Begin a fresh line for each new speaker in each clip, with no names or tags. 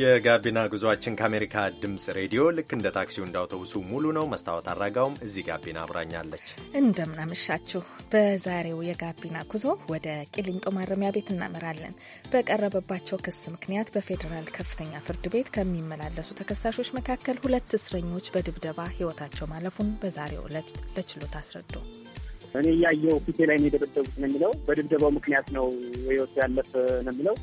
የጋቢና ጉዞአችን ከአሜሪካ ድምፅ ሬዲዮ ልክ እንደ ታክሲው እንደ አውቶቡሱ ሙሉ ነው። መስታወት አድራጋውም እዚህ ጋቢና አብራኛለች።
እንደምናመሻችሁ። በዛሬው የጋቢና ጉዞ ወደ ቂሊንጦ ማረሚያ ቤት እናመራለን። በቀረበባቸው ክስ ምክንያት በፌዴራል ከፍተኛ ፍርድ ቤት ከሚመላለሱ ተከሳሾች መካከል ሁለት እስረኞች በድብደባ ሕይወታቸው ማለፉን በዛሬው ዕለት ለችሎት አስረዱ።
እኔ እያየው ፊቴ ላይ ነው የደበደቡት ነው የሚለው። በድብደባው ምክንያት ነው ሕይወቱ ያለፈ ነው የሚለው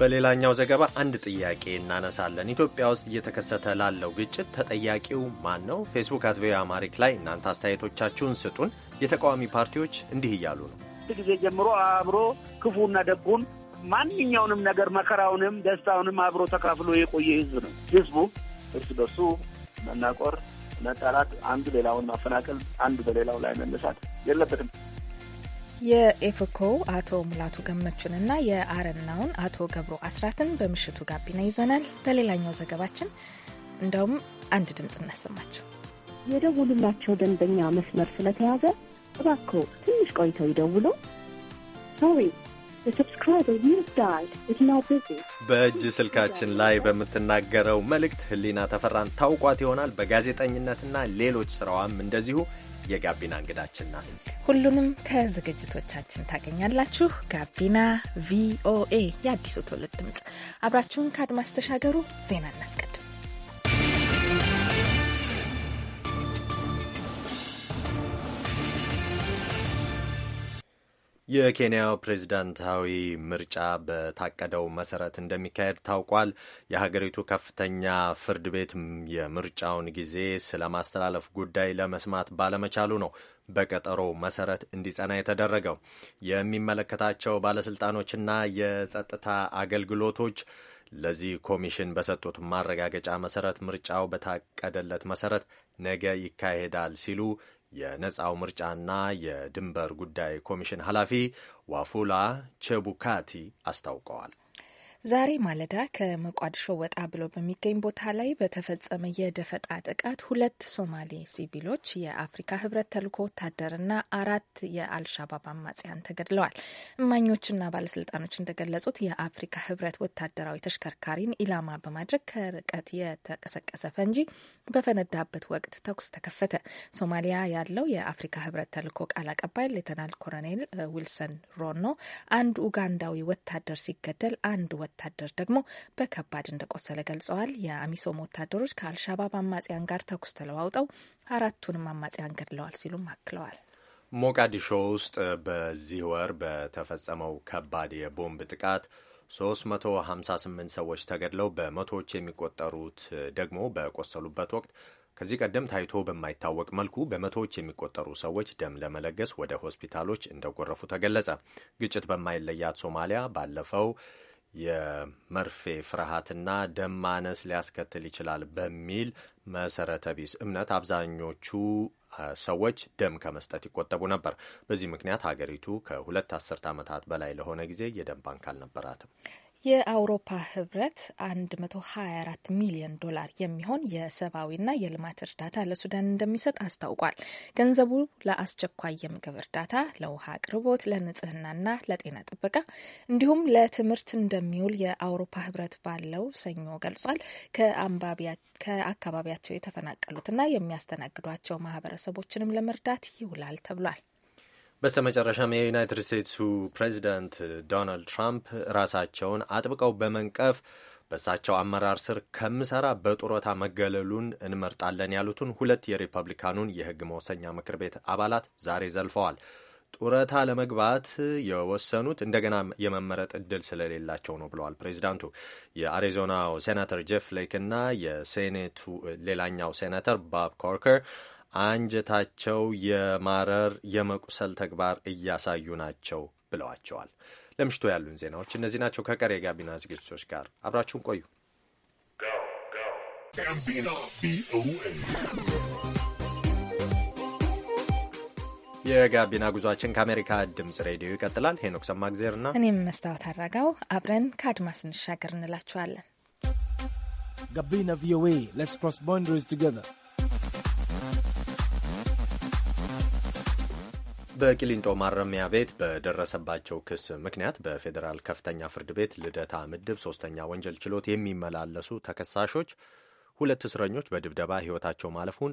በሌላኛው ዘገባ አንድ ጥያቄ እናነሳለን። ኢትዮጵያ ውስጥ እየተከሰተ ላለው ግጭት ተጠያቂው ማን ነው? ፌስቡክ አት ቪኦኤ አማሪክ ላይ እናንተ አስተያየቶቻችሁን ስጡን። የተቃዋሚ ፓርቲዎች እንዲህ እያሉ ነው።
ጊዜ ጀምሮ አብሮ ክፉና ደጉን ማንኛውንም ነገር መከራውንም ደስታውንም አብሮ ተካፍሎ የቆየ ህዝብ ነው። ህዝቡ እርስ በርሱ መናቆር፣ መጣላት፣ አንዱ ሌላውን ማፈናቀል፣ አንዱ በሌላው ላይ መነሳት የለበትም።
የኤፍኮ አቶ ሙላቱ ገመቹንና የአረናውን አቶ ገብሩ አስራትን በምሽቱ ጋቢና ይዘናል። በሌላኛው ዘገባችን እንደውም አንድ ድምፅ እናሰማቸው።
የደውሉላቸው ደንበኛ መስመር ስለተያዘ እባክዎ ትንሽ ቆይተው ይደውሉ።
ሶሪ
በእጅ ስልካችን ላይ በምትናገረው መልእክት ህሊና ተፈራን ታውቋት ይሆናል። በጋዜጠኝነትና ሌሎች ስራዋም እንደዚሁ የጋቢና እንግዳችን ናት።
ሁሉንም ከዝግጅቶቻችን ታገኛላችሁ። ጋቢና ቪኦኤ፣ የአዲሱ ትውልድ ድምፅ። አብራችሁን ከአድማስ ተሻገሩ። ዜና እናስቀድም።
የኬንያው ፕሬዝዳንታዊ ምርጫ በታቀደው መሰረት እንደሚካሄድ ታውቋል። የሀገሪቱ ከፍተኛ ፍርድ ቤት የምርጫውን ጊዜ ስለ ማስተላለፍ ጉዳይ ለመስማት ባለመቻሉ ነው በቀጠሮ መሰረት እንዲጸና የተደረገው። የሚመለከታቸው ባለስልጣኖችና የጸጥታ አገልግሎቶች ለዚህ ኮሚሽን በሰጡት ማረጋገጫ መሰረት ምርጫው በታቀደለት መሰረት ነገ ይካሄዳል ሲሉ የነፃው ምርጫና የድንበር ጉዳይ ኮሚሽን ኃላፊ ዋፉላ ቸቡካቲ አስታውቀዋል።
ዛሬ ማለዳ ከሞቃዲሾ ወጣ ብሎ በሚገኝ ቦታ ላይ በተፈጸመ የደፈጣ ጥቃት ሁለት ሶማሌ ሲቪሎች የአፍሪካ ህብረት ተልዕኮ ወታደርና አራት የአልሻባብ አማጽያን ተገድለዋል። እማኞችና ባለስልጣኖች እንደገለጹት የአፍሪካ ህብረት ወታደራዊ ተሽከርካሪን ኢላማ በማድረግ ከርቀት የተቀሰቀሰ ፈንጂ በፈነዳበት ወቅት ተኩስ ተከፈተ። ሶማሊያ ያለው የአፍሪካ ህብረት ተልኮ ቃል አቀባይ ሌተናል ኮሎኔል ዊልሰን ሮኖ አንድ ኡጋንዳዊ ወታደር ሲገደል አንድ ወታደር ደግሞ በከባድ እንደቆሰለ ገልጸዋል። የአሚሶም ወታደሮች ከአልሻባብ አማጽያን ጋር ተኩስ ተለዋውጠው አራቱንም አማጽያን ገድለዋል ሲሉም አክለዋል።
ሞቃዲሾ ውስጥ በዚህ ወር በተፈጸመው ከባድ የቦምብ ጥቃት 358 ሰዎች ተገድለው በመቶዎች የሚቆጠሩት ደግሞ በቆሰሉበት ወቅት ከዚህ ቀደም ታይቶ በማይታወቅ መልኩ በመቶዎች የሚቆጠሩ ሰዎች ደም ለመለገስ ወደ ሆስፒታሎች እንደጎረፉ ተገለጸ። ግጭት በማይለያት ሶማሊያ ባለፈው የመርፌ ፍርሃትና ደም ማነስ ሊያስከትል ይችላል በሚል መሰረተ ቢስ እምነት አብዛኞቹ ሰዎች ደም ከመስጠት ይቆጠቡ ነበር። በዚህ ምክንያት ሀገሪቱ ከሁለት አስርት ዓመታት በላይ ለሆነ ጊዜ የደም ባንክ አልነበራትም።
የአውሮፓ ህብረት 124 ሚሊዮን ዶላር የሚሆን የሰብአዊና የልማት እርዳታ ለሱዳን እንደሚሰጥ አስታውቋል። ገንዘቡ ለአስቸኳይ የምግብ እርዳታ፣ ለውሃ አቅርቦት፣ ለንጽህናና ለጤና ጥበቃ እንዲሁም ለትምህርት እንደሚውል የአውሮፓ ህብረት ባለው ሰኞ ገልጿል። ከአካባቢያቸው የተፈናቀሉትና የሚያስተናግዷቸው ማህበረሰቦችንም ለመርዳት ይውላል ተብሏል።
በስተ መጨረሻም የዩናይትድ ስቴትሱ ፕሬዚዳንት ዶናልድ ትራምፕ ራሳቸውን አጥብቀው በመንቀፍ በእሳቸው አመራር ስር ከምሰራ በጡረታ መገለሉን እንመርጣለን ያሉትን ሁለት የሪፐብሊካኑን የሕግ መወሰኛ ምክር ቤት አባላት ዛሬ ዘልፈዋል። ጡረታ ለመግባት የወሰኑት እንደገና የመመረጥ እድል ስለሌላቸው ነው ብለዋል ፕሬዚዳንቱ። የአሪዞናው ሴናተር ጄፍ ፍሌክ እና የሴኔቱ ሌላኛው ሴናተር ባብ ኮርከር አንጀታቸው የማረር የመቁሰል ተግባር እያሳዩ ናቸው ብለዋቸዋል። ለምሽቶ ያሉን ዜናዎች እነዚህ ናቸው። ከቀሪ የጋቢና ዝግጅቶች ጋር አብራችሁን ቆዩ። የጋቢና ጉዟችን ከአሜሪካ ድምጽ ሬዲዮ ይቀጥላል። ሄኖክ ሰማግዜርና እኔም
መስታወት አራጋው አብረን ከአድማስ እንሻገር እንላችኋለን።
ጋቢና ቪኦኤ ሌትስ ክሮስ ቦንደሪስ ቱጌዘር በቂሊንጦ ማረሚያ ቤት በደረሰባቸው ክስ ምክንያት በፌዴራል ከፍተኛ ፍርድ ቤት ልደታ ምድብ ሶስተኛ ወንጀል ችሎት የሚመላለሱ ተከሳሾች ሁለት እስረኞች በድብደባ ሕይወታቸው ማለፉን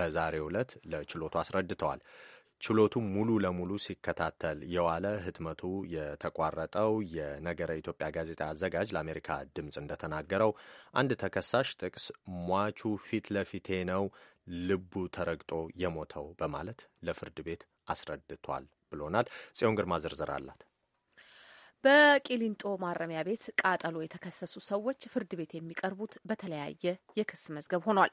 በዛሬ ዕለት ለችሎቱ አስረድተዋል። ችሎቱ ሙሉ ለሙሉ ሲከታተል የዋለ ህትመቱ የተቋረጠው የነገረ ኢትዮጵያ ጋዜጣ አዘጋጅ ለአሜሪካ ድምፅ እንደተናገረው አንድ ተከሳሽ ጥቅስ ሟቹ ፊት ለፊቴ ነው ልቡ ተረግጦ የሞተው በማለት ለፍርድ ቤት አስረድቷል ብሎናል። ጽዮን ግርማ ዝርዝር አላት።
በቂሊንጦ ማረሚያ ቤት ቃጠሎ የተከሰሱ ሰዎች ፍርድ ቤት የሚቀርቡት በተለያየ የክስ መዝገብ ሆኗል።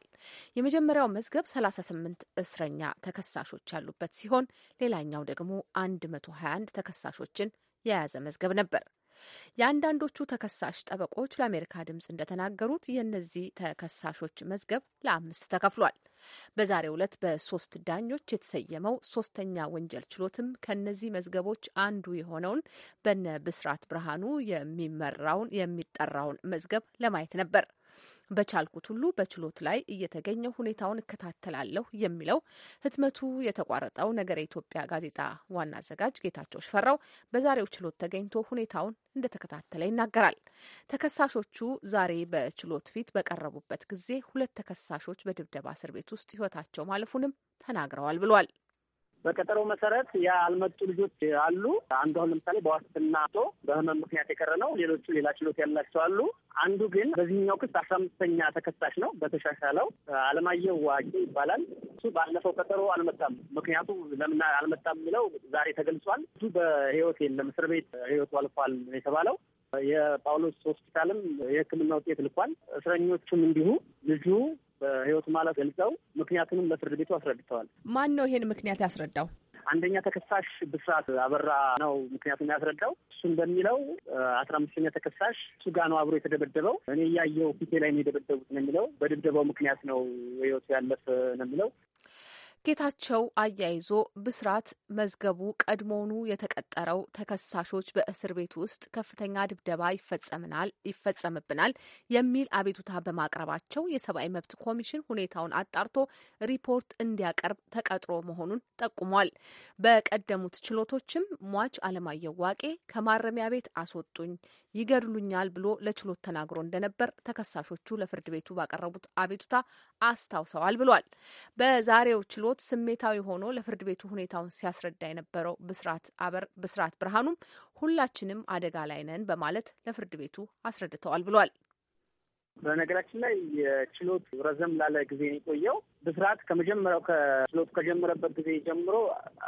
የመጀመሪያው መዝገብ 38 እስረኛ ተከሳሾች ያሉበት ሲሆን ሌላኛው ደግሞ 121 ተከሳሾችን የያዘ መዝገብ ነበር። የአንዳንዶቹ ተከሳሽ ጠበቆች ለአሜሪካ ድምጽ እንደተናገሩት የእነዚህ ተከሳሾች መዝገብ ለአምስት ተከፍሏል። በዛሬው ዕለት በሶስት ዳኞች የተሰየመው ሶስተኛ ወንጀል ችሎትም ከእነዚህ መዝገቦች አንዱ የሆነውን በነ ብስራት ብርሃኑ የሚመራውን የሚጠራውን መዝገብ ለማየት ነበር። በቻልኩት ሁሉ በችሎት ላይ እየተገኘው ሁኔታውን እከታተላለሁ የሚለው ህትመቱ የተቋረጠው ነገረ ኢትዮጵያ ጋዜጣ ዋና አዘጋጅ ጌታቸው ሽፈራው በዛሬው ችሎት ተገኝቶ ሁኔታውን እንደተከታተለ ይናገራል። ተከሳሾቹ ዛሬ በችሎት ፊት በቀረቡበት ጊዜ ሁለት ተከሳሾች በድብደባ እስር ቤት ውስጥ ህይወታቸው ማለፉንም ተናግረዋል ብሏል።
በቀጠሮ መሰረት ያልመጡ ልጆች አሉ። አንዱ አሁን ለምሳሌ በዋስትና ቶ በህመም ምክንያት የቀረ ነው። ሌሎቹ ሌላ ችሎት ያላቸው አሉ። አንዱ ግን በዚህኛው ክስ አስራ አምስተኛ ተከሳሽ ነው። በተሻሻለው አለማየሁ ዋቂ ይባላል። እሱ ባለፈው ቀጠሮ አልመጣም። ምክንያቱ ለምን አልመጣም የሚለው ዛሬ ተገልጿል። እሱ በህይወት የለም፣ እስር ቤት ህይወቱ አልፏል የተባለው የጳውሎስ ሆስፒታልም የህክምና ውጤት ልኳል። እስረኞቹም እንዲሁ ልጁ በህይወት ማለት ገልጸው ምክንያቱንም ለፍርድ ቤቱ አስረድተዋል።
ማን ነው ይሄን ምክንያት ያስረዳው? አንደኛ ተከሳሽ ብስራት አበራ
ነው ምክንያቱም ያስረዳው። እሱ እንደሚለው አስራ አምስተኛ ተከሳሽ እሱ ጋ ነው አብሮ የተደበደበው። እኔ እያየው ፊቴ ላይ ነው የደበደቡት ነው የሚለው። በድብደባው ምክንያት ነው ህይወቱ ያለፈ ነው የሚለው።
ጌታቸው አያይዞ ብስራት መዝገቡ ቀድሞውኑ የተቀጠረው ተከሳሾች በእስር ቤት ውስጥ ከፍተኛ ድብደባ ይፈጸምብናል የሚል አቤቱታ በማቅረባቸው የሰብአዊ መብት ኮሚሽን ሁኔታውን አጣርቶ ሪፖርት እንዲያቀርብ ተቀጥሮ መሆኑን ጠቁሟል። በቀደሙት ችሎቶችም ሟች አለማየሁ ዋቄ ከማረሚያ ቤት አስወጡኝ፣ ይገድሉኛል ብሎ ለችሎት ተናግሮ እንደነበር ተከሳሾቹ ለፍርድ ቤቱ ባቀረቡት አቤቱታ አስታውሰዋል ብሏል። በዛሬው ችሎት ችሎት ስሜታዊ ሆኖ ለፍርድ ቤቱ ሁኔታውን ሲያስረዳ የነበረው ብስራት ብርሃኑም ሁላችንም አደጋ ላይ ነን በማለት ለፍርድ ቤቱ አስረድተዋል ብሏል።
በነገራችን ላይ የችሎት ረዘም ላለ ጊዜ ነው የቆየው። ብስራት ከመጀመሪያው ከችሎቱ ከጀመረበት ጊዜ ጀምሮ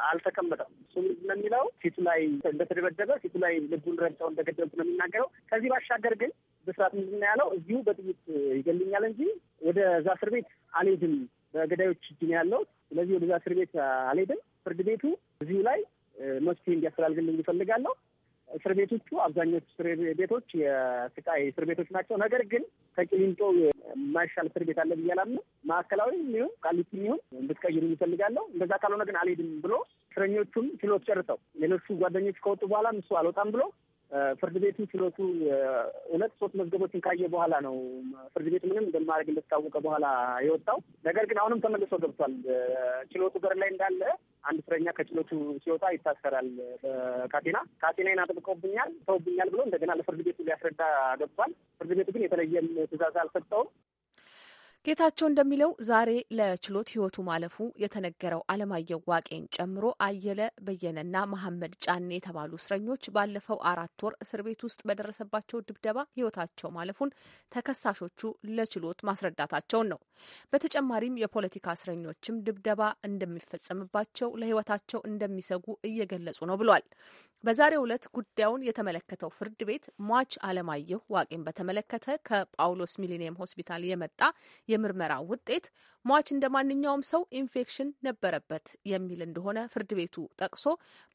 አልተቀመጠም። እሱ ምንድን ነው የሚለው ፊቱ ላይ እንደተደበደበ ፊቱ ላይ ልቡን ረግጠው እንደገደሉት ነው የሚናገረው። ከዚህ ባሻገር ግን ብስራት ምንድን ነው ያለው? እዚሁ በጥይት ይገልኛል እንጂ ወደ እዛ እስር ቤት አልሄድም፣ በገዳዮች እጅ ነው ስለዚህ ወደዛ እስር ቤት አልሄድም። ፍርድ ቤቱ እዚሁ ላይ መፍትሄ እንዲያስተላልፍልኝ ይፈልጋለሁ። እስር ቤቶቹ አብዛኞቹ እስር ቤቶች የስቃይ እስር ቤቶች ናቸው። ነገር ግን ከቂሊንጦ የማይሻል እስር ቤት አለ ብዬ አላምንም። ማዕከላዊ ይሁን ቃሊቲ ይሁን እንድትቀይሩ ይፈልጋለሁ። እንደዛ ካልሆነ ግን አልሄድም ብሎ እስረኞቹም ችሎት ጨርሰው ሌሎቹ ጓደኞች ከወጡ በኋላም እሱ አልወጣም ብሎ ፍርድ ቤቱ ችሎቱ ሁለት ሶስት መዝገቦችን ካየ በኋላ ነው ፍርድ ቤቱ ምንም እንደማድረግ እንደታወቀ በኋላ የወጣው። ነገር ግን አሁንም ተመልሶ ገብቷል። ችሎቱ በር ላይ እንዳለ አንድ እስረኛ ከችሎቱ ሲወጣ ይታሰራል ካቴና ካቴናዬን አጥብቀውብኛል፣ ተውብኛል ብሎ እንደገና ለፍርድ ቤቱ ሊያስረዳ ገብቷል። ፍርድ ቤቱ ግን የተለየም ትዕዛዝ አልሰጠውም።
ጌታቸው እንደሚለው ዛሬ ለችሎት ህይወቱ ማለፉ የተነገረው አለማየሁ ዋቄን ጨምሮ አየለ በየነና መሐመድ ጫኔ የተባሉ እስረኞች ባለፈው አራት ወር እስር ቤት ውስጥ በደረሰባቸው ድብደባ ህይወታቸው ማለፉን ተከሳሾቹ ለችሎት ማስረዳታቸውን ነው። በተጨማሪም የፖለቲካ እስረኞችም ድብደባ እንደሚፈጸምባቸው፣ ለህይወታቸው እንደሚሰጉ እየገለጹ ነው ብሏል። በዛሬው ዕለት ጉዳዩን የተመለከተው ፍርድ ቤት ሟች አለማየሁ ዋቄን በተመለከተ ከጳውሎስ ሚሊኒየም ሆስፒታል የመጣ የምርመራ ውጤት ሟች እንደ ማንኛውም ሰው ኢንፌክሽን ነበረበት የሚል እንደሆነ ፍርድ ቤቱ ጠቅሶ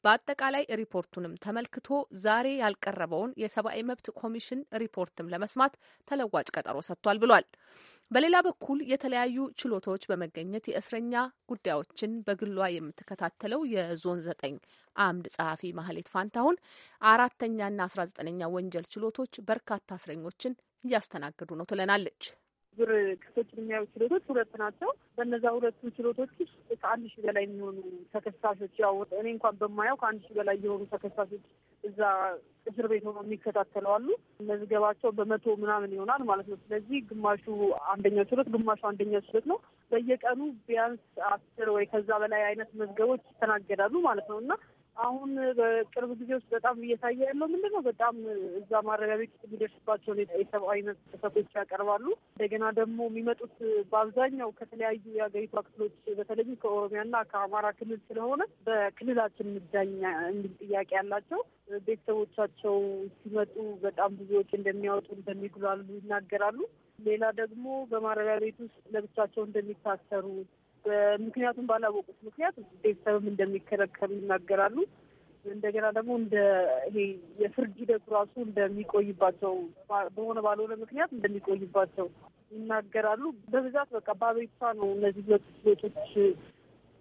በአጠቃላይ ሪፖርቱንም ተመልክቶ ዛሬ ያልቀረበውን የሰብአዊ መብት ኮሚሽን ሪፖርትም ለመስማት ተለዋጭ ቀጠሮ ሰጥቷል ብሏል። በሌላ በኩል የተለያዩ ችሎቶች በመገኘት የእስረኛ ጉዳዮችን በግሏ የምትከታተለው የዞን ዘጠኝ አምድ ጸሐፊ ማህሌት ፋንታሁን አራተኛና አስራ ዘጠነኛ ወንጀል ችሎቶች በርካታ እስረኞችን እያስተናገዱ ነው ትለናለች።
ዙር ክሶች የሚያዩ ችሎቶች ሁለት ናቸው። በነዛ ሁለቱ ችሎቶች ውስጥ ከአንድ ሺህ በላይ የሚሆኑ ተከሳሾች ያው እኔ እንኳን በማየው ከአንድ ሺህ በላይ የሆኑ ተከሳሾች እዛ እስር ቤት ሆኖ የሚከታተሉ አሉ። መዝገባቸው በመቶ ምናምን ይሆናል ማለት ነው። ስለዚህ ግማሹ አንደኛ ችሎት፣ ግማሹ አንደኛው ችሎት ነው። በየቀኑ ቢያንስ አስር ወይ ከዛ በላይ አይነት መዝገቦች ይስተናገዳሉ ማለት ነው እና አሁን በቅርብ ጊዜ ውስጥ በጣም እየታየ ያለው ምንድን ነው? በጣም እዛ ማረሚያ ቤት ውስጥ የሚደርስባቸውን የሰብአዊ ጥሰቶች ያቀርባሉ። እንደገና ደግሞ የሚመጡት በአብዛኛው ከተለያዩ የሀገሪቷ ክፍሎች በተለይም ከኦሮሚያና ከአማራ ክልል ስለሆነ በክልላችን ምዳኛ የሚል ጥያቄ ያላቸው ቤተሰቦቻቸው ሲመጡ በጣም ብዙዎች እንደሚያወጡ እንደሚጉላሉ ይናገራሉ። ሌላ ደግሞ በማረሚያ ቤት ውስጥ ለብቻቸው እንደሚታሰሩ ምክንያቱም ባላወቁት ምክንያት ቤተሰብም እንደሚከለከሉ ይናገራሉ። እንደገና ደግሞ እንደ ይሄ የፍርድ ሂደቱ ራሱ እንደሚቆይባቸው በሆነ ባልሆነ ምክንያት እንደሚቆይባቸው ይናገራሉ። በብዛት በቃ በአቤቱታ ነው እነዚህ ሁለት ሴቶች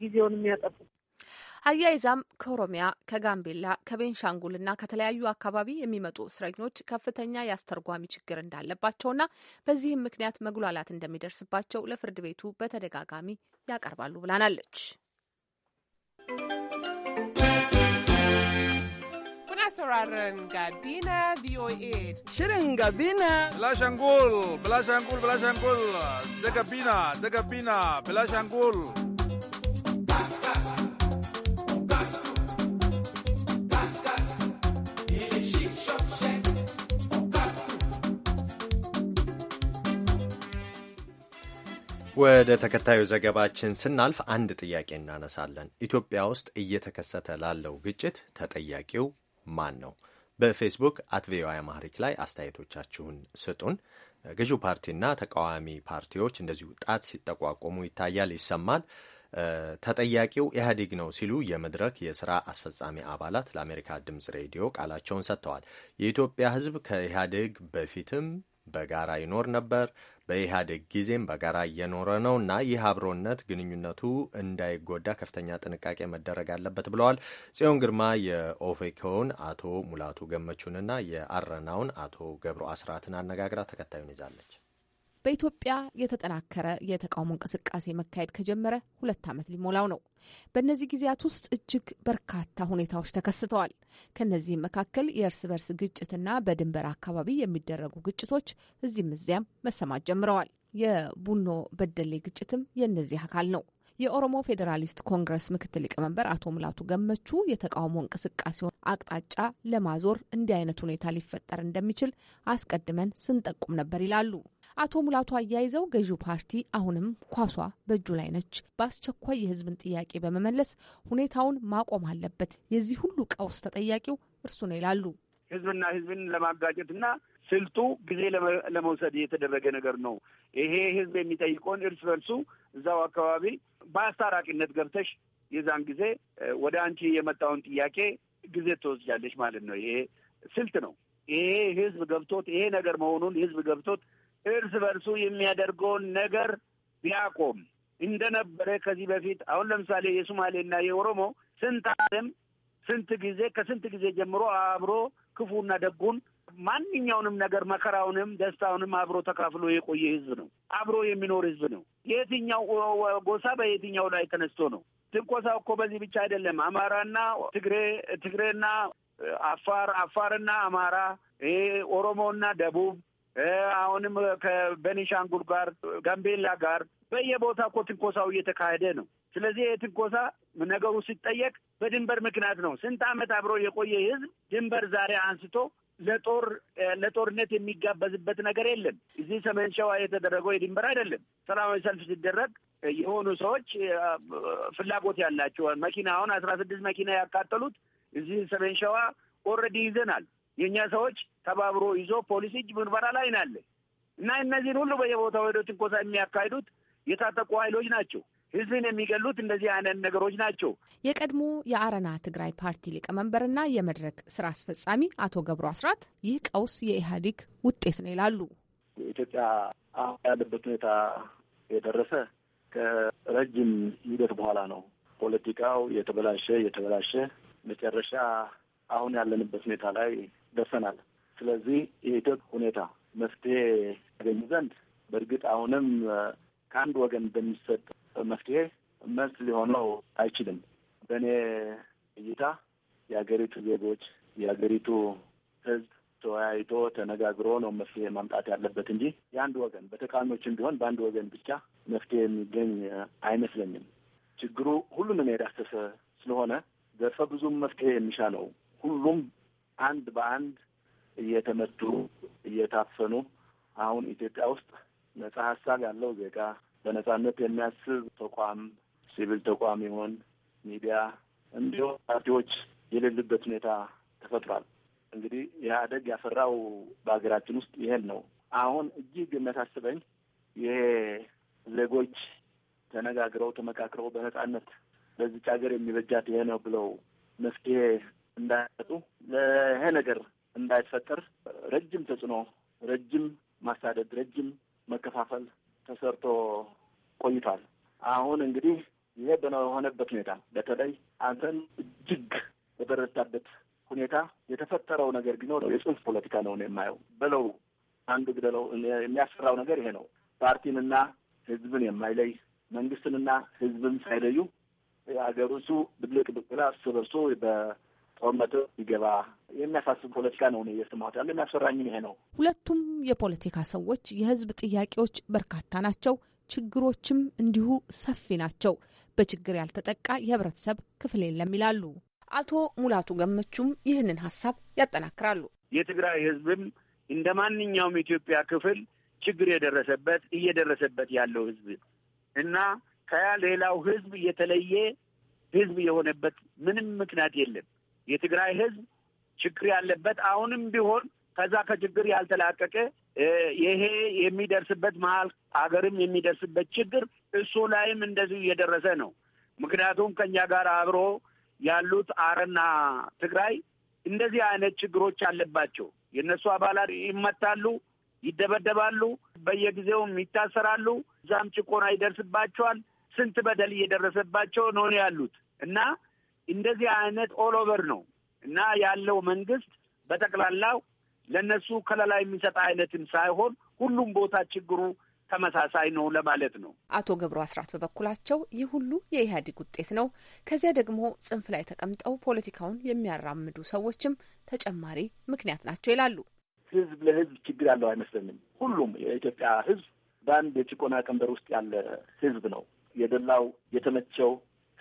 ጊዜውን የሚያጠፉት። አያይዛም ከኦሮሚያ፣ ከጋምቤላ፣ ከቤንሻንጉልና ከተለያዩ አካባቢ የሚመጡ እስረኞች ከፍተኛ የአስተርጓሚ ችግር እንዳለባቸውና በዚህም ምክንያት መጉላላት እንደሚደርስባቸው ለፍርድ ቤቱ በተደጋጋሚ ያቀርባሉ ብላናለች። sauraron Gabina ብላሻንጉል Shirin Gabina. Bilashangul,
Bilashangul, Bilashangul.
ወደ ተከታዩ ዘገባችን ስናልፍ አንድ ጥያቄ እናነሳለን። ኢትዮጵያ ውስጥ እየተከሰተ ላለው ግጭት ተጠያቂው ማን ነው? በፌስቡክ አት ቪኦኤ አማሪክ ላይ አስተያየቶቻችሁን ስጡን። ገዢው ፓርቲና ተቃዋሚ ፓርቲዎች እንደዚሁ ጣት ሲጠቋቆሙ ይታያል፣ ይሰማል። ተጠያቂው ኢህአዴግ ነው ሲሉ የመድረክ የስራ አስፈጻሚ አባላት ለአሜሪካ ድምጽ ሬዲዮ ቃላቸውን ሰጥተዋል። የኢትዮጵያ ሕዝብ ከኢህአዴግ በፊትም በጋራ ይኖር ነበር በኢህአዴግ ጊዜም በጋራ እየኖረ እና ይህ አብሮነት ግንኙነቱ እንዳይጎዳ ከፍተኛ ጥንቃቄ መደረግ አለበት ብለዋል። ጽዮን ግርማ የኦፌኮውን አቶ ሙላቱ ገመቹንና የአረናውን አቶ ገብሩ አስራትን አነጋግራ ተከታዩን ይዛለች።
በኢትዮጵያ የተጠናከረ የተቃውሞ እንቅስቃሴ መካሄድ ከጀመረ ሁለት ዓመት ሊሞላው ነው። በእነዚህ ጊዜያት ውስጥ እጅግ በርካታ ሁኔታዎች ተከስተዋል። ከእነዚህም መካከል የእርስ በርስ ግጭትና በድንበር አካባቢ የሚደረጉ ግጭቶች እዚህም እዚያም መሰማት ጀምረዋል። የቡኖ በደሌ ግጭትም የእነዚህ አካል ነው። የኦሮሞ ፌዴራሊስት ኮንግረስ ምክትል ሊቀመንበር አቶ ሙላቱ ገመቹ የተቃውሞ እንቅስቃሴውን አቅጣጫ ለማዞር እንዲህ አይነት ሁኔታ ሊፈጠር እንደሚችል አስቀድመን ስንጠቁም ነበር ይላሉ። አቶ ሙላቱ አያይዘው ገዢው ፓርቲ አሁንም ኳሷ በእጁ ላይ ነች፣ በአስቸኳይ የህዝብን ጥያቄ በመመለስ ሁኔታውን ማቆም አለበት። የዚህ ሁሉ ቀውስ ተጠያቂው እርሱ ነው ይላሉ።
ህዝብና ህዝብን ለማጋጨትና ስልቱ ጊዜ ለመውሰድ የተደረገ ነገር ነው። ይሄ ህዝብ የሚጠይቀውን እርስ በርሱ እዛው አካባቢ በአስታራቂነት ገብተሽ የዛን ጊዜ ወደ አንቺ የመጣውን ጥያቄ ጊዜ ትወስጃለች ማለት ነው። ይሄ ስልት ነው። ይሄ ህዝብ ገብቶት ይሄ ነገር መሆኑን ህዝብ ገብቶት እርስ በርሱ የሚያደርገውን ነገር ቢያቆም እንደነበረ ከዚህ በፊት አሁን ለምሳሌ የሱማሌና የኦሮሞ ስንት ዓለም ስንት ጊዜ ከስንት ጊዜ ጀምሮ አብሮ ክፉና ደጉን ማንኛውንም ነገር መከራውንም ደስታውንም አብሮ ተካፍሎ የቆየ ህዝብ ነው። አብሮ የሚኖር ህዝብ ነው። የትኛው ጎሳ በየትኛው ላይ ተነስቶ ነው? ትንኮሳ እኮ በዚህ ብቻ አይደለም። አማራና ትግሬ፣ ትግሬና አፋር፣ አፋርና አማራ፣ ኦሮሞና ደቡብ አሁንም ከቤኒሻንጉል ጋር ጋምቤላ ጋር በየቦታ እኮ ትንኮሳው እየተካሄደ ነው። ስለዚህ ትንኮሳ ነገሩ ሲጠየቅ በድንበር ምክንያት ነው። ስንት ዓመት አብሮ የቆየ ህዝብ ድንበር ዛሬ አንስቶ ለጦር ለጦርነት የሚጋበዝበት ነገር የለም። እዚህ ሰሜን ሸዋ የተደረገው የድንበር አይደለም። ሰላማዊ ሰልፍ ሲደረግ የሆኑ ሰዎች ፍላጎት ያላቸው መኪና አሁን አስራ ስድስት መኪና ያቃጠሉት እዚህ ሰሜን ሸዋ ኦልሬዲ ይዘናል። የእኛ ሰዎች ተባብሮ ይዞ ፖሊስ እጅ ምርመራ ላይ ናለ እና እነዚህን ሁሉ በየቦታው ሄዶ ትንኮሳ የሚያካሂዱት የታጠቁ ኃይሎች ናቸው። ህዝብን የሚገሉት እንደዚህ አይነት ነገሮች ናቸው።
የቀድሞ የአረና ትግራይ ፓርቲ ሊቀመንበርና የመድረክ ስራ አስፈጻሚ አቶ ገብሩ አስራት ይህ ቀውስ የኢህአዴግ ውጤት ነው ይላሉ።
ኢትዮጵያ አሁን ያለበት ሁኔታ የደረሰ ከረጅም ሂደት በኋላ ነው። ፖለቲካው የተበላሸ የተበላሸ መጨረሻ አሁን ያለንበት ሁኔታ ላይ ደርሰናል። ስለዚህ የኢትዮጵያ ሁኔታ መፍትሄ ያገኝ ዘንድ በእርግጥ አሁንም ከአንድ ወገን በሚሰጥ መፍትሄ መልስ ሊሆነው አይችልም። በእኔ እይታ የሀገሪቱ ዜጎች የሀገሪቱ ሕዝብ ተወያይቶ ተነጋግሮ ነው መፍትሄ ማምጣት ያለበት እንጂ የአንድ ወገን በተቃዋሚዎችም ቢሆን በአንድ ወገን ብቻ መፍትሄ የሚገኝ አይመስለኝም። ችግሩ ሁሉንም የዳሰሰ ስለሆነ ዘርፈ ብዙም መፍትሄ የሚሻ ነው። ሁሉም አንድ በአንድ እየተመቱ እየታፈኑ አሁን ኢትዮጵያ ውስጥ ነጻ ሀሳብ ያለው ዜጋ በነጻነት የሚያስብ ተቋም ሲቪል ተቋም ይሆን ሚዲያ፣ እንዲሁም ፓርቲዎች የሌሉበት ሁኔታ ተፈጥሯል። እንግዲህ ኢህአደግ ያፈራው በሀገራችን ውስጥ ይሄን ነው። አሁን እጅግ የሚያሳስበኝ ይሄ ዜጎች ተነጋግረው ተመካክረው በነጻነት በዚች ሀገር የሚበጃት ይሄ ነው ብለው መፍትሄ እንዳያጡ ይሄ ነገር እንዳይፈጠር ረጅም ተጽዕኖ፣ ረጅም ማሳደድ፣ ረጅም መከፋፈል ተሰርቶ ቆይቷል። አሁን እንግዲህ ይሄ በሆነበት ሁኔታ በተለይ አንተን እጅግ በበረታበት ሁኔታ የተፈጠረው ነገር ቢኖር የጽንፍ ፖለቲካ ነው የማየው። በለው አንድ ግደለው የሚያስፈራው ነገር ይሄ ነው። ፓርቲንና ህዝብን የማይለይ መንግስትንና ህዝብን ሳይለዩ አገሪቱ ብልቅ ብቅላ እርስ በርሶ ጦርነት ሊገባ የሚያሳስብ ፖለቲካ ነው እኔ እየሰማሁት ያለ የሚያስፈራኝም ይሄ ነው።
ሁለቱም የፖለቲካ ሰዎች የህዝብ ጥያቄዎች በርካታ ናቸው፣ ችግሮችም እንዲሁ ሰፊ ናቸው። በችግር ያልተጠቃ የህብረተሰብ ክፍል የለም ይላሉ አቶ ሙላቱ ገመቹም ይህንን ሀሳብ ያጠናክራሉ።
የትግራይ ህዝብም እንደ ማንኛውም ኢትዮጵያ ክፍል ችግር የደረሰበት እየደረሰበት ያለው ህዝብ እና ከያ ሌላው ህዝብ የተለየ ህዝብ የሆነበት ምንም ምክንያት የለም። የትግራይ ህዝብ ችግር ያለበት አሁንም ቢሆን ከዛ ከችግር ያልተላቀቀ ይሄ የሚደርስበት መሀል አገርም የሚደርስበት ችግር እሱ ላይም እንደዚሁ እየደረሰ ነው። ምክንያቱም ከኛ ጋር አብሮ ያሉት አረና ትግራይ እንደዚህ አይነት ችግሮች አለባቸው። የእነሱ አባላት ይመታሉ፣ ይደበደባሉ፣ በየጊዜውም ይታሰራሉ። እዛም ጭቆና ይደርስባቸዋል። ስንት በደል እየደረሰባቸው ነው ያሉት እና እንደዚህ አይነት ኦል ኦቨር ነው እና ያለው መንግስት በጠቅላላው ለእነሱ ከለላ የሚሰጥ አይነትም ሳይሆን ሁሉም ቦታ ችግሩ ተመሳሳይ ነው ለማለት ነው።
አቶ ገብሩ አስራት በበኩላቸው ይህ ሁሉ የኢህአዴግ ውጤት ነው፣ ከዚያ ደግሞ ጽንፍ ላይ ተቀምጠው ፖለቲካውን የሚያራምዱ ሰዎችም ተጨማሪ ምክንያት ናቸው ይላሉ።
ህዝብ ለህዝብ ችግር ያለው አይመስለንም። ሁሉም የኢትዮጵያ ህዝብ በአንድ የጭቆና ቀንበር ውስጥ ያለ ህዝብ ነው። የደላው የተመቸው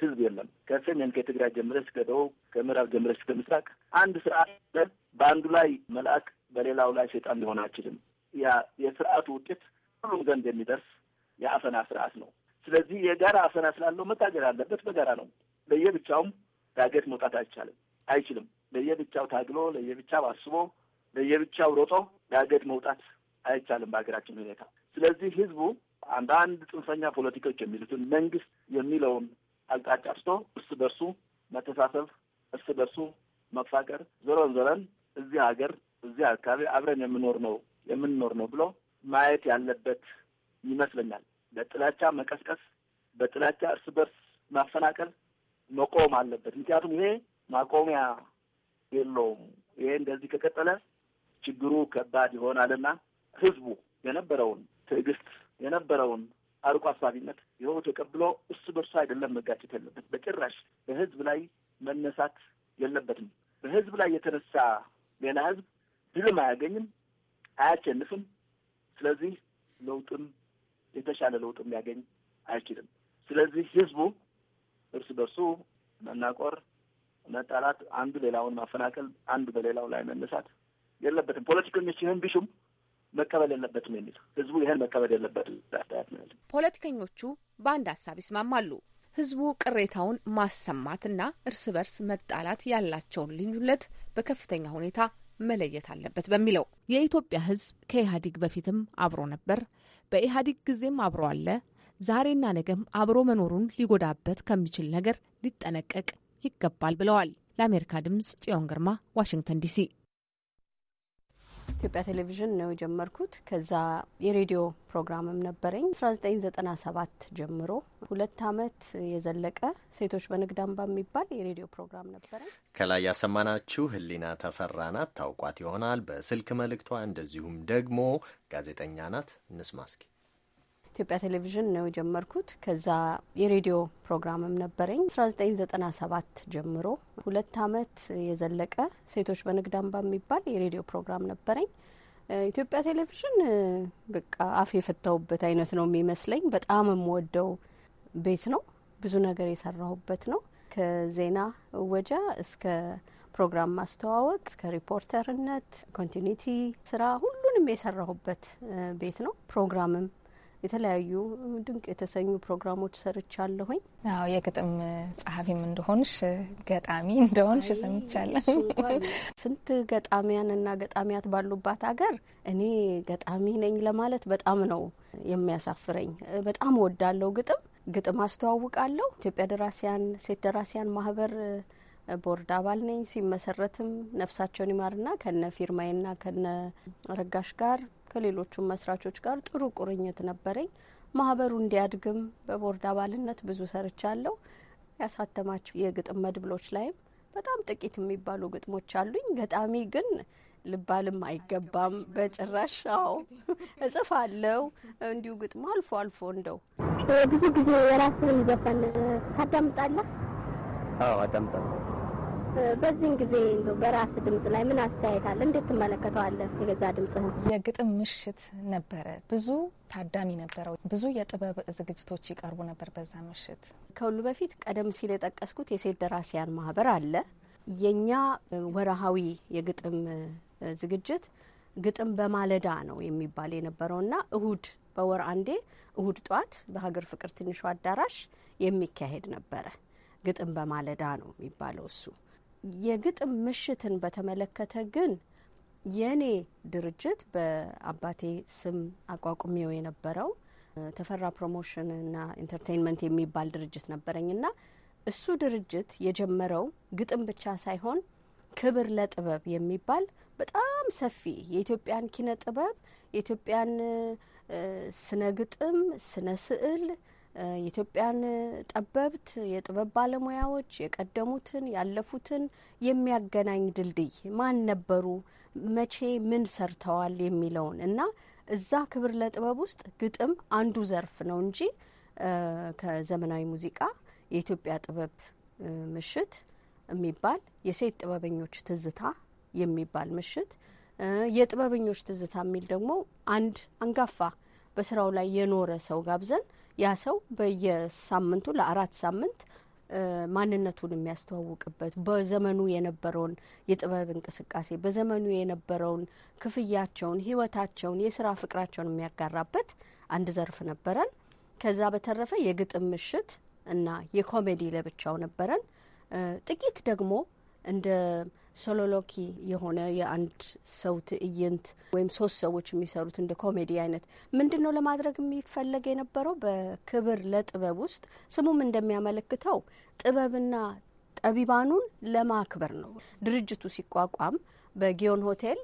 ህዝብ የለም። ከሰሜን ከትግራይ ጀምረች ከደቡብ ከምዕራብ ጀምረች እስከ ምስራቅ አንድ ስርዓት በአንዱ ላይ መልአክ በሌላው ላይ ሸይጣን ሊሆን አይችልም። ያ የስርዓቱ ውጤት ሁሉም ዘንድ የሚደርስ የአፈና ስርዓት ነው። ስለዚህ የጋራ አፈና ስላለው መታገል አለበት። በጋራ ነው። ለየብቻውም ዳገት መውጣት አይቻልም አይችልም። ለየብቻው ታግሎ ለየብቻው አስቦ ለየብቻው ሮጦ ዳገት መውጣት አይቻልም በሀገራችን ሁኔታ። ስለዚህ ህዝቡ አንዳንድ ጽንፈኛ ፖለቲካዎች የሚሉትን መንግስት የሚለውን አቅጣጫ ስቶ እርስ በርሱ መተሳሰብ፣ እርስ በርሱ መፋቀር ዞረን ዞረን እዚህ ሀገር እዚህ አካባቢ አብረን የምኖር ነው የምንኖር ነው ብሎ ማየት ያለበት ይመስለኛል። በጥላቻ መቀስቀስ፣ በጥላቻ እርስ በርስ ማፈናቀል መቆም አለበት። ምክንያቱም ይሄ ማቆሚያ የለውም። ይሄ እንደዚህ ከቀጠለ ችግሩ ከባድ ይሆናልና ህዝቡ የነበረውን ትዕግስት የነበረውን አርቆ አሳቢነት ይኸው ተቀብሎ እሱ በርሱ አይደለም መጋጨት ያለበት በጭራሽ በህዝብ ላይ መነሳት የለበትም። በህዝብ ላይ የተነሳ ሌላ ህዝብ ድልም አያገኝም፣ አያቸንፍም። ስለዚህ ለውጥም የተሻለ ለውጥም ሊያገኝ አይችልም። ስለዚህ ህዝቡ እርስ በርሱ መናቆር፣ መጣላት፣ አንዱ ሌላውን ማፈናቀል፣ አንዱ በሌላው ላይ መነሳት የለበትም። ፖለቲከኞች ይህን ቢሹም መቀበል የለበትም የሚል ህዝቡ ይህን መቀበል የለበትም
ፖለቲከኞቹ በአንድ ሀሳብ ይስማማሉ። ህዝቡ ቅሬታውን ማሰማትና እርስ በርስ መጣላት ያላቸውን ልዩነት በከፍተኛ ሁኔታ መለየት አለበት በሚለው የኢትዮጵያ ህዝብ ከኢህአዴግ በፊትም አብሮ ነበር፣ በኢህአዴግ ጊዜም አብሮ አለ። ዛሬና ነገም አብሮ መኖሩን ሊጎዳበት ከሚችል ነገር ሊጠነቀቅ ይገባል ብለዋል። ለአሜሪካ ድምጽ ጽዮን ግርማ ዋሽንግተን ዲሲ
ኢትዮጵያ ቴሌቪዥን ነው የጀመርኩት። ከዛ የሬዲዮ ፕሮግራምም ነበረኝ 1997 ጀምሮ ሁለት አመት የዘለቀ ሴቶች በንግድ አምባ የሚባል የሬዲዮ ፕሮግራም ነበረ።
ከላይ ያሰማናችሁ ህሊና ተፈራ ናት፣ ታውቋት ይሆናል በስልክ መልእክቷ። እንደዚሁም ደግሞ ጋዜጠኛ ናት። እንስማ እስኪ
ኢትዮጵያ ቴሌቪዥን ነው የጀመርኩት። ከዛ የሬዲዮ ፕሮግራምም ነበረኝ 1997 ጀምሮ ሁለት አመት የዘለቀ ሴቶች በንግድ አምባ የሚባል የሬዲዮ ፕሮግራም ነበረኝ። ኢትዮጵያ ቴሌቪዥን በቃ አፍ የፈታውበት አይነት ነው የሚመስለኝ። በጣም የምወደው ቤት ነው። ብዙ ነገር የሰራሁበት ነው። ከዜና እወጃ እስከ ፕሮግራም ማስተዋወቅ እስከ ሪፖርተርነት፣ ኮንቲኒቲ ስራ ሁሉንም የሰራሁበት ቤት ነው። ፕሮግራምም የተለያዩ ድንቅ የተሰኙ ፕሮግራሞች ሰርቻለሁኝ።
አዎ የግጥም ጸሐፊም እንደሆንሽ ገጣሚ እንደሆንሽ ሰምቻለሁ።
ስንት ገጣሚያን እና ገጣሚያት ባሉባት ሀገር እኔ ገጣሚ ነኝ ለማለት በጣም ነው የሚያሳፍረኝ። በጣም ወዳለው ግጥም ግጥም አስተዋውቃለሁ። ኢትዮጵያ ደራሲያን ሴት ደራሲያን ማህበር ቦርድ አባል ነኝ። ሲመሰረትም ነፍሳቸውን ይማርና ከነ ፊርማዬና ከነ ረጋሽ ጋር ከሌሎቹም መስራቾች ጋር ጥሩ ቁርኝት ነበረኝ። ማህበሩ እንዲያድግም በቦርድ አባልነት ብዙ ሰርቻለሁ። ያሳተማቸው የግጥም መድብሎች ላይም በጣም ጥቂት የሚባሉ ግጥሞች አሉኝ። ገጣሚ ግን ልባልም አይገባም በጭራሽ። አዎ እጽፍ አለው እንዲሁ ግጥሞ አልፎ አልፎ እንደው ብዙ ጊዜ የራስህን ዘፈን ታዳምጣለህ?
አዎ አዳምጣለሁ።
በዚህን ጊዜ በራስ
ድምጽ ላይ ምን አስተያየት አለ? እንዴት ትመለከተዋለህ? የገዛ ድምጽህን። የግጥም ምሽት ነበረ። ብዙ ታዳሚ ነበረው። ብዙ የጥበብ ዝግጅቶች ይቀርቡ ነበር በዛ ምሽት።
ከሁሉ በፊት ቀደም ሲል የጠቀስኩት የሴት ደራሲያን ማህበር አለ። የእኛ ወርሃዊ የግጥም ዝግጅት ግጥም በማለዳ ነው የሚባል የነበረውና እሁድ በወር አንዴ እሁድ ጠዋት በሀገር ፍቅር ትንሹ አዳራሽ የሚካሄድ ነበረ። ግጥም በማለዳ ነው የሚባለው እሱ የግጥም ምሽትን በተመለከተ ግን የኔ ድርጅት በአባቴ ስም አቋቁሜው የነበረው ተፈራ ፕሮሞሽን እና ኢንተርቴንመንት የሚባል ድርጅት ነበረኝና እሱ ድርጅት የጀመረው ግጥም ብቻ ሳይሆን ክብር ለጥበብ የሚባል በጣም ሰፊ የኢትዮጵያን ኪነ ጥበብ የኢትዮጵያን ስነ ግጥም፣ ስነ ስዕል፣ የኢትዮጵያን ጠበብት የጥበብ ባለሙያዎች የቀደሙትን ያለፉትን የሚያገናኝ ድልድይ ማን ነበሩ፣ መቼ ምን ሰርተዋል የሚለውን እና እዛ ክብር ለጥበብ ውስጥ ግጥም አንዱ ዘርፍ ነው እንጂ ከዘመናዊ ሙዚቃ የኢትዮጵያ ጥበብ ምሽት የሚባል የሴት ጥበበኞች ትዝታ የሚባል ምሽት፣ የጥበበኞች ትዝታ የሚል ደግሞ አንድ አንጋፋ በስራው ላይ የኖረ ሰው ጋብዘን ያ ሰው በየሳምንቱ ለአራት ሳምንት ማንነቱን የሚያስተዋውቅበት በዘመኑ የነበረውን የጥበብ እንቅስቃሴ በዘመኑ የነበረውን ክፍያቸውን፣ ህይወታቸውን፣ የስራ ፍቅራቸውን የሚያጋራበት አንድ ዘርፍ ነበረን። ከዛ በተረፈ የግጥም ምሽት እና የኮሜዲ ለብቻው ነበረን። ጥቂት ደግሞ እንደ ሶሎሎኪ የሆነ የአንድ ሰው ትዕይንት ወይም ሶስት ሰዎች የሚሰሩት እንደ ኮሜዲ አይነት ምንድን ነው ለማድረግ የሚፈለግ የነበረው? በክብር ለጥበብ ውስጥ ስሙም እንደሚያመለክተው ጥበብና ጠቢባኑን ለማክበር ነው። ድርጅቱ ሲቋቋም በጊዮን ሆቴል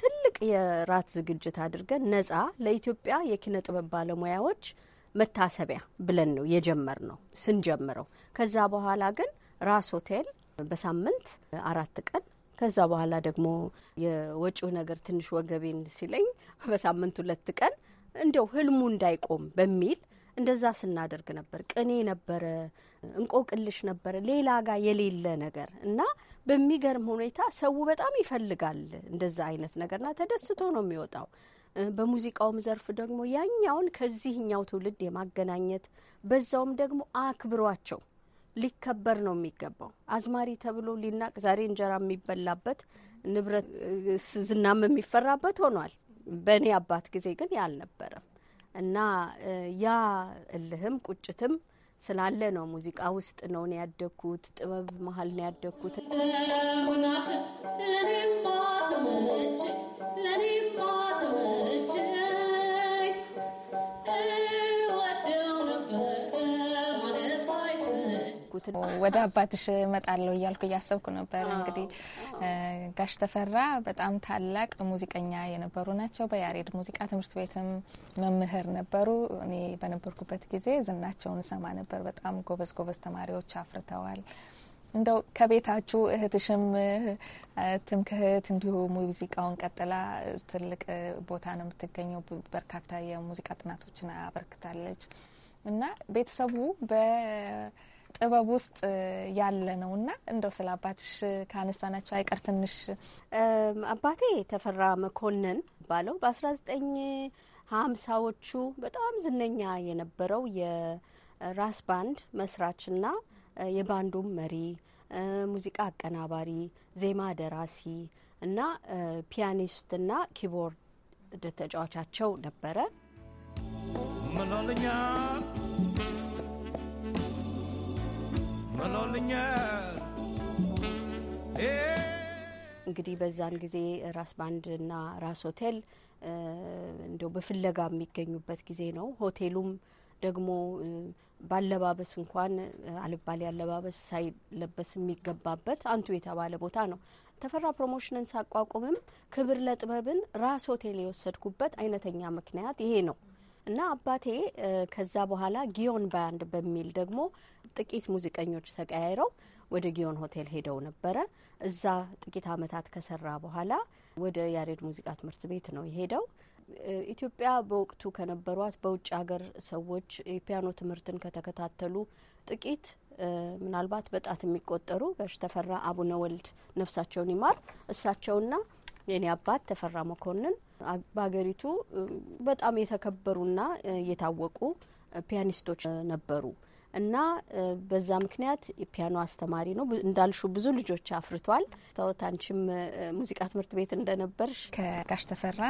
ትልቅ የራት ዝግጅት አድርገን ነጻ ለኢትዮጵያ የኪነ ጥበብ ባለሙያዎች መታሰቢያ ብለን ነው የጀመር ነው ስንጀምረው። ከዛ በኋላ ግን ራስ ሆቴል በሳምንት አራት ቀን ከዛ በኋላ ደግሞ የወጪው ነገር ትንሽ ወገቤን ሲለኝ በሳምንት ሁለት ቀን እንደው ህልሙ እንዳይቆም በሚል እንደዛ ስናደርግ ነበር። ቅኔ ነበረ፣ እንቆቅልሽ ነበረ፣ ሌላ ጋር የሌለ ነገር እና በሚገርም ሁኔታ ሰው በጣም ይፈልጋል እንደዛ አይነት ነገርና ተደስቶ ነው የሚወጣው። በሙዚቃውም ዘርፍ ደግሞ ያኛውን ከዚህኛው ትውልድ የማገናኘት በዛውም ደግሞ አክብሯቸው ሊከበር ነው የሚገባው። አዝማሪ ተብሎ ሊናቅ ዛሬ እንጀራ የሚበላበት ንብረት ዝናም የሚፈራበት ሆኗል። በእኔ አባት ጊዜ ግን ያልነበረም እና ያ እልህም ቁጭትም ስላለ ነው ሙዚቃ ውስጥ ነው ያደግኩት። ጥበብ መሀል ነው ያደግኩት።
ያደረጉትን ወደ አባትሽ እመጣለሁ እያልኩ እያሰብኩ ነበር። እንግዲህ ጋሽ ተፈራ በጣም ታላቅ ሙዚቀኛ የነበሩ ናቸው። በያሬድ ሙዚቃ ትምህርት ቤትም መምህር ነበሩ። እኔ በነበርኩበት ጊዜ ዝናቸውን ሰማ ነበር። በጣም ጎበዝ ጎበዝ ተማሪዎች አፍርተዋል። እንደው ከቤታችሁ እህትሽም ትምክህት እንዲሁ ሙዚቃውን ቀጥላ ትልቅ ቦታ ነው የምትገኘው። በርካታ የሙዚቃ ጥናቶችን አበርክታለች እና ቤተሰቡ በ ጥበብ ውስጥ ያለ ነው እና እንደው ስለ አባትሽ ካነሳናቸው አይቀር ትንሽ
አባቴ ተፈራ መኮንን ባለው በአስራ ዘጠኝ ሀምሳዎቹ በጣም ዝነኛ የነበረው የራስ ባንድ መስራችና የባንዱም መሪ ሙዚቃ አቀናባሪ፣ ዜማ ደራሲ እና ፒያኒስትና ኪቦርድ ተጫዋቻቸው ነበረ። እንግዲህ በዛን ጊዜ ራስ ባንድ እና ራስ ሆቴል እንዲያው በፍለጋ የሚገኙበት ጊዜ ነው። ሆቴሉም ደግሞ ባለባበስ እንኳን አልባሌ አለባበስ ሳይለበስ የሚገባበት አንቱ የተባለ ቦታ ነው። ተፈራ ፕሮሞሽንን ሳቋቁምም ክብር ለጥበብን ራስ ሆቴል የወሰድኩበት አይነተኛ ምክንያት ይሄ ነው። እና አባቴ ከዛ በኋላ ጊዮን ባንድ በሚል ደግሞ ጥቂት ሙዚቀኞች ተቀያይረው ወደ ጊዮን ሆቴል ሄደው ነበረ። እዛ ጥቂት አመታት ከሰራ በኋላ ወደ ያሬድ ሙዚቃ ትምህርት ቤት ነው የሄደው። ኢትዮጵያ በወቅቱ ከነበሯት በውጭ ሀገር ሰዎች የፒያኖ ትምህርትን ከተከታተሉ ጥቂት ምናልባት በጣት የሚቆጠሩ በሽተፈራ አቡነ ወልድ ነፍሳቸውን ይማር እሳቸውና የኔ አባት ተፈራ መኮንን በሀገሪቱ በጣም የተከበሩና የታወቁ ፒያኒስቶች ነበሩ። እና በዛ ምክንያት የፒያኖ አስተማሪ ነው እንዳልሹ ብዙ ልጆች አፍርቷል። ታወት አንቺም ሙዚቃ ትምህርት ቤት እንደነበርሽ ከጋሽ ተፈራ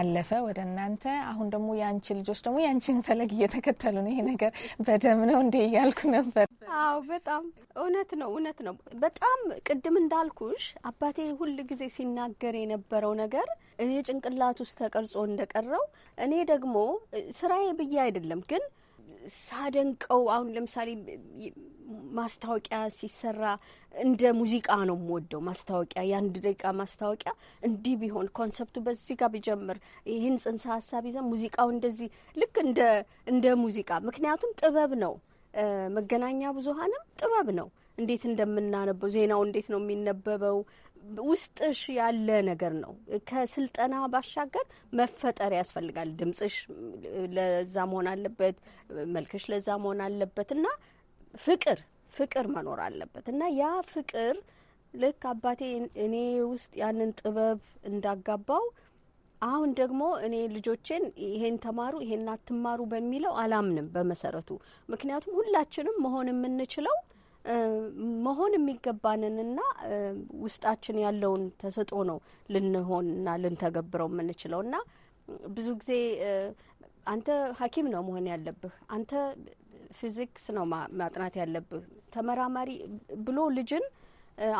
አለፈ ወደ እናንተ። አሁን ደግሞ
የአንቺ ልጆች ደግሞ የአንቺን ፈለግ እየተከተሉ ነው። ይሄ ነገር በደም ነው እንዴ እያልኩ ነበር።
አዎ በጣም እውነት ነው፣ እውነት ነው። በጣም ቅድም እንዳልኩሽ አባቴ ሁል ጊዜ ሲናገር የነበረው ነገር እኔ ጭንቅላት ውስጥ ተቀርጾ እንደቀረው እኔ ደግሞ ስራዬ ብዬ አይደለም ግን ሳደንቀው አሁን ለምሳሌ ማስታወቂያ ሲሰራ እንደ ሙዚቃ ነው የምወደው። ማስታወቂያ የአንድ ደቂቃ ማስታወቂያ እንዲህ ቢሆን ኮንሰፕቱ በዚህ ጋር ቢጀምር ይህን ጽንሰ ሀሳብ ይዘን ሙዚቃው እንደዚህ ልክ እንደ እንደ ሙዚቃ ምክንያቱም ጥበብ ነው። መገናኛ ብዙሀንም ጥበብ ነው። እንዴት እንደምናነበው ዜናው እንዴት ነው የሚነበበው? ውስጥሽ ያለ ነገር ነው። ከስልጠና ባሻገር መፈጠር ያስፈልጋል። ድምጽሽ ለዛ መሆን አለበት፣ መልክሽ ለዛ መሆን አለበት እና ፍቅር ፍቅር መኖር አለበት እና ያ ፍቅር ልክ አባቴ እኔ ውስጥ ያንን ጥበብ እንዳጋባው አሁን ደግሞ እኔ ልጆቼን ይሄን ተማሩ ይሄን አትማሩ በሚለው አላምንም በመሰረቱ ምክንያቱም ሁላችንም መሆን የምንችለው መሆን የሚገባንንና ውስጣችን ያለውን ተሰጥኦ ነው ልንሆንና ልንተገብረው የምንችለው እና ብዙ ጊዜ አንተ ሐኪም ነው መሆን ያለብህ አንተ ፊዚክስ ነው ማጥናት ያለብህ ተመራማሪ ብሎ ልጅን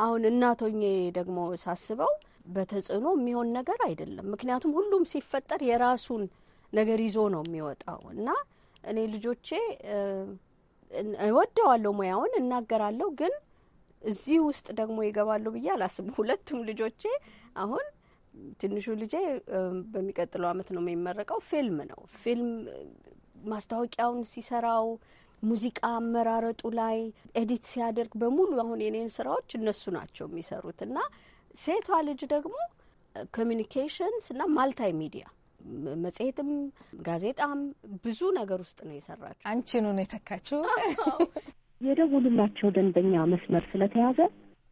አሁን እናቶኜ ደግሞ ሳስበው በተጽዕኖ የሚሆን ነገር አይደለም። ምክንያቱም ሁሉም ሲፈጠር የራሱን ነገር ይዞ ነው የሚወጣው እና እኔ ልጆቼ እወደዋለሁ፣ ሙያውን እናገራለሁ፣ ግን እዚህ ውስጥ ደግሞ ይገባሉ ብዬ አላስብም። ሁለቱም ልጆቼ አሁን ትንሹ ልጄ በሚቀጥለው አመት ነው የሚመረቀው። ፊልም ነው ፊልም ማስታወቂያውን ሲሰራው ሙዚቃ አመራረጡ ላይ ኤዲት ሲያደርግ በሙሉ አሁን የኔን ስራዎች እነሱ ናቸው የሚሰሩት እና ሴቷ ልጅ ደግሞ ኮሚኒኬሽንስ እና ማልታይ ሚዲያ መጽሔትም ጋዜጣም ብዙ ነገር ውስጥ ነው የሰራችው። አንቺኑ ነው የተካችው። የደውሉላቸው ደንበኛ መስመር ስለተያዘ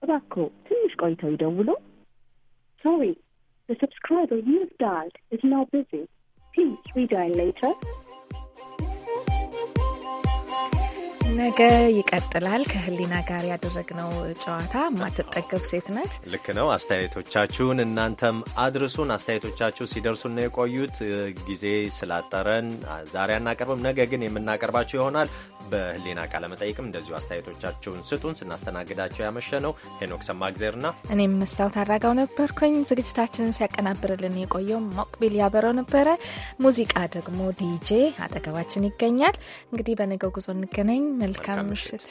እባክዎ ትንሽ ቆይተው ይደውሉ።
ሶሪ ሰብስክራይበር subscriber you've dialed is now busy. Please redial
ነገ
ይቀጥላል። ከህሊና ጋር ያደረግነው ጨዋታ ማትጠገብ ሴት ናት።
ልክ ነው። አስተያየቶቻችሁን እናንተም አድርሱን። አስተያየቶቻችሁ ሲደርሱና ነው የቆዩት። ጊዜ ስላጠረን ዛሬ አናቀርብም። ነገ ግን የምናቀርባችሁ ይሆናል። በህሊና ቃለመጠይቅም እንደዚሁ አስተያየቶቻችሁን ስጡን። ስናስተናግዳቸው ያመሸ ነው ሄኖክ ሰማእግዜርና
እኔም መስታወት አድራጋው ነበርኩኝ። ዝግጅታችንን ሲያቀናብርልን የቆየው ሞቅቢል ያበረው ነበረ። ሙዚቃ ደግሞ ዲጄ አጠገባችን ይገኛል። እንግዲህ በነገው ጉዞ እንገናኝ። መልካም ምሽት።